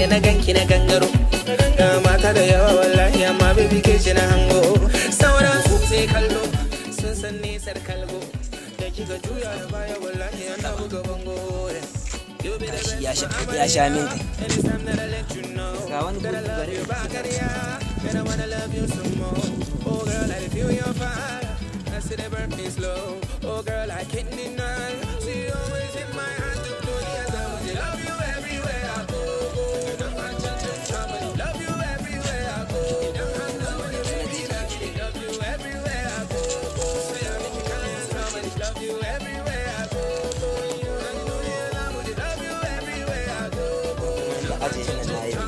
da na ganki na gangaro na mata da yawa wallahi amma baby ke ji na hango sauran su sai kallo sun san nesar kalgo da kika juya da baya wallahi an tabu ga bango ya sha min ga wani gudu bare oh, oh girl, I can't deny je nan na yi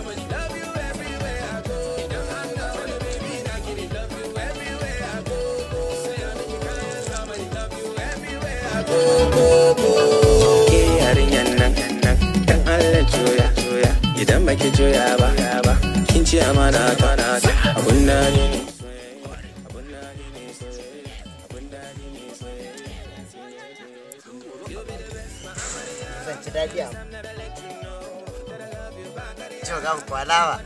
Ke yarinyan nan dan Allah juya idan baki juya ba ba kin ci amana ta na zan ci daɗi jogava pra lá,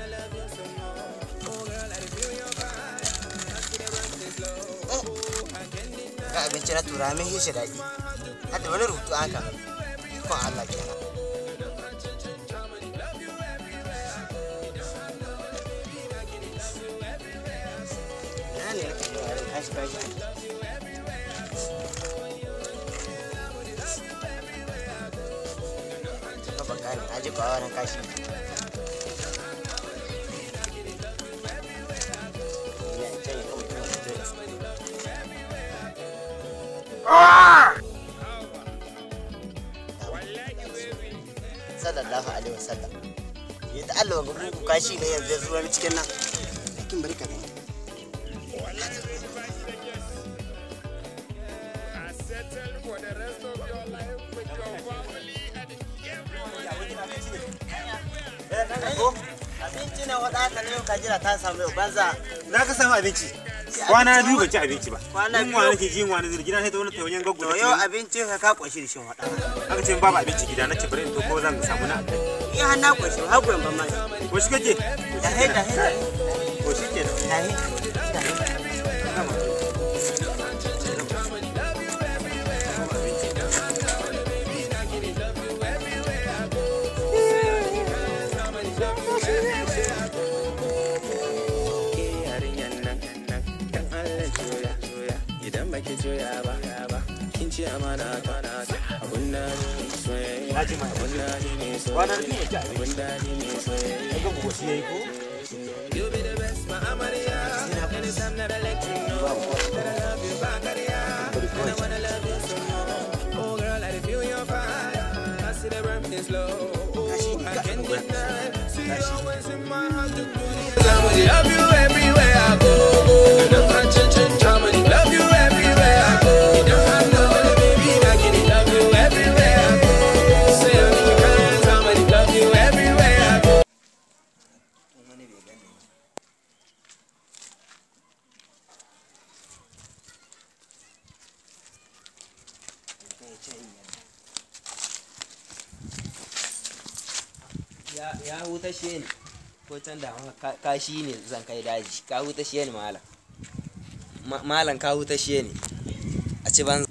ga abinci na tura min yi shi daɗi har da wani rubutu haka kon Allah ke na ne sallallahu alaihi wasallam yanzu Allah ga gurin kashi ne yanzu ya zuwa cikin nan kin bari ka eh, gani abinci na wadata ne ka jira ta samu banza za ka samu abinci kwana biyu ba ci abinci ba in wani ke ji wani gida sai ta wani tawayen gaggo yau abinci ka ka kwashi da shin wada aka ce babu abinci gida na ci bari to ko zan samu na ni har na kwashi har gwan ban ma ko shi kake da hai da hai ko shi ke da hai ce amana abun da ni soyayya abun da ni soyayya abun da ni soyayya you be the best, my Amaria. that I let you know that I love you, And I wanna love you so. Oh, girl, I feel your fire. I see the rhythm is low. Oh, I can't deny. See, always in my heart, the is I you every ya wuta shi ne ko can da ka shi ne zan kai daji ka wuta shi ne malam malam ka wuta shi ne a ci banza